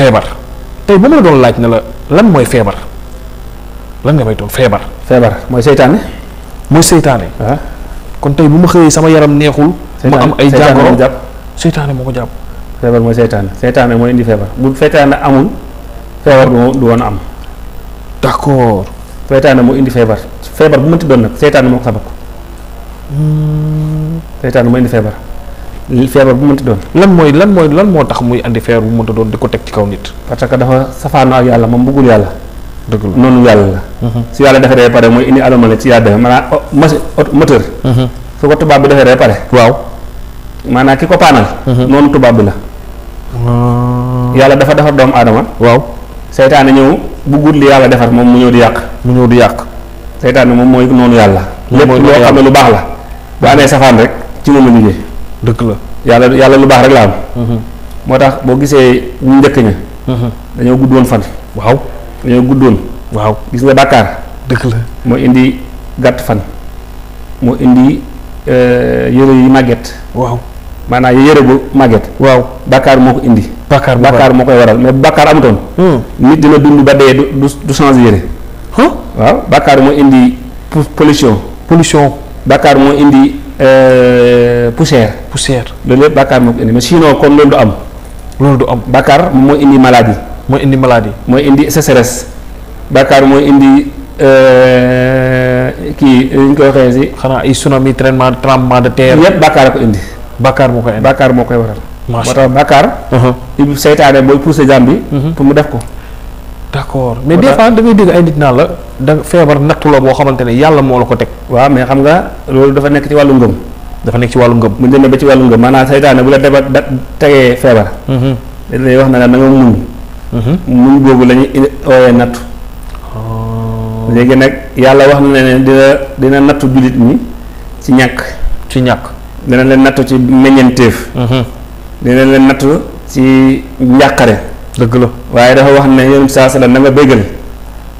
feebar tey bu ma la doon laaj ne la lan mooy feebar lan nga may toon feebar. feebar mooy seytaane. mooy seytaane. Ah. kon tey bu ma xëyee sama yaram neexul. ma am ay jàngoro seytaane moo ko jàpp. feebar mooy seytaane seytaane mooy indi feebar bu seytaane amul feebar du woon am. d'accord. seytaane moo indi feebar feebar bu mënti doon nag seytaane moo ko sabab. Hmm. seytaane moo indi feebar. feebar bu mënti doon. mooy lan mooy lan moo tax muy andi feebar bu doon di ko teg ci kaw nit. parce que dafa safaanoo ak yàlla moom bëggul yàlla. dëgg la noonu yàlla la. Mm-hmm. su yàlla defaree ba pare mooy indi anomalie ci yàlla defee maanaam mm-hmm. ko tubaab bi defaree ba pare. waaw maanaam ki ko paanal. Mm-hmm. noonu tubaab bi la. Ah. yàlla dafa defar doomu aadama. waaw seytaane ñëw bu bëggul li yàlla defar moom mu ñëw di yàq. mu ñëw di yàq. seytaane moom mooy noonu yàlla. lépp loo xam ne lu baax la. bu amee safaan rek ci moom la liggéey. dëkk la yàlla yàlla lu baax rek la mhm. moo tax boo gisee ñu njëkk ña. Mhm. dañoo guddoon fan. waaw dañoo guddoon. waaw gis nga bàkkaar. dëkk la moo indi gàtt fan. moo indi euh, yëre yi màgget. waaw maanaam yére bu màgget. waaw bàkkaar moo ko indi. bàkkaar bàkkaar moo koy waral mais bàkkaar amutoon. Hmm. nit dina dund ba dee du du changer yëre. waaw bàkkaar moo indi pollution. pollution bàkkaar moo indi. Euh, poussière. poussière loolu lépp bàkkaar moo ko indi mais sinon kon loolu du am. loolu du am bàkkaar moom indi maladie. mooy indi maladie. mooy indi sécheresse. bàkkaar mooy indi euh, kii ñu koy waxee si. xanaa ay tsunami traitement tremblement de terre. yëpp bàkkaar a ko indi. bàkkaar moo koy indi bàkkaar moo koy waral. macha allah uh-huh. seytaane booy poussé jaam uh-huh. pour mu def ko. d'accord mais des fois da ngay dégg ay nit naan la da feebar nattu la boo xamante ne yàlla moo la ko teg. waaw mais xam nga loolu dafa nekk ci wàllu ngëm. dafa nekk ci wàllu ngëm. mu demee ba ci wàllu ngëm maanaam saytaane bu la deba da tegee feebar. Mm-hmm. dañ lay wax na la na nga muñ. Mm-hmm. muñ boobu la ñuy ooyee nattu. Oh. léegi nag yàlla wax na ne dina dina nattu jullit ñi ci ñàkk. ci ñàkk. dina leen nattu ci meññeenteef. Mm-hmm. dina leen nattu ci njàqare. dëgg la waaye dafa wax ne yonent saa salaam na nga béggal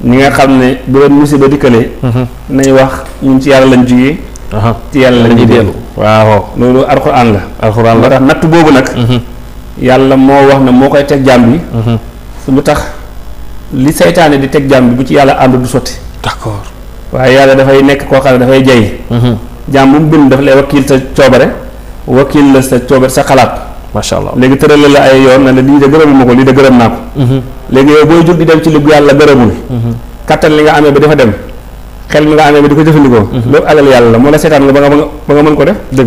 ñi nga xam ne bu leen ba dikkalee mhm. nañ wax ñun ci yàlla lañ jugee ci yàlla lañuy dellu waaw loolu alxuraan la alxuraan la boobu nag mhm. yàlla moo wax ne moo koy teg jaam bi mhm. su lu tax li saytaane di teg jaam bi bu ci yàlla ànd du sotti d'accord waaye yàlla dafay nekk koo xam ne dafay jay jaam bu mu bind daf lay wakiil sa coobare wakiil la sa coobare sa xalaat macha allah léegi tëral la ay yoon ne la lii de gërëmu ma ko lii de gërëm naa ko. Mm-hmm. léegi yow booy jug di dem ci lu yàlla gërëmul. Mm-hmm. kattan li nga amee ba dafa dem xel mi nga amee ba di ko jëfandikoo. Mm-hmm. loolu alal yàlla la moo la seetaan nga ba nga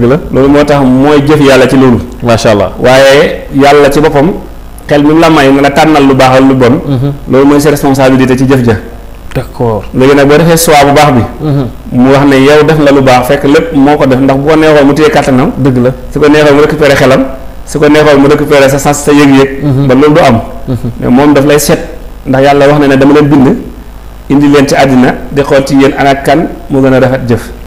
la loolu moo tax mooy jëf yàlla ci loolu. macha allah waaye yàlla ci boppam xel mi mu la may nga la tànnal lu baaxal lu bon. loolu mooy sa responsabilité ci jëf ja. d'accord léegi nag boo defee choix bu baax bi. mu wax ne yow def na lu baax fekk lépp moo ko def ndax boo ko neexoon mu téye kattanam. dëgg la su ko neexoon mu su ko neexoon mu récupérer sa sas sa yëg-yëg. Mhm. ba loolu du am. Mhm. mais moom daf lay seet ndax yàlla wax na ne dama leen bind indi leen ci àddina di xool ci yéen ana kan moo gën a rafet jëf.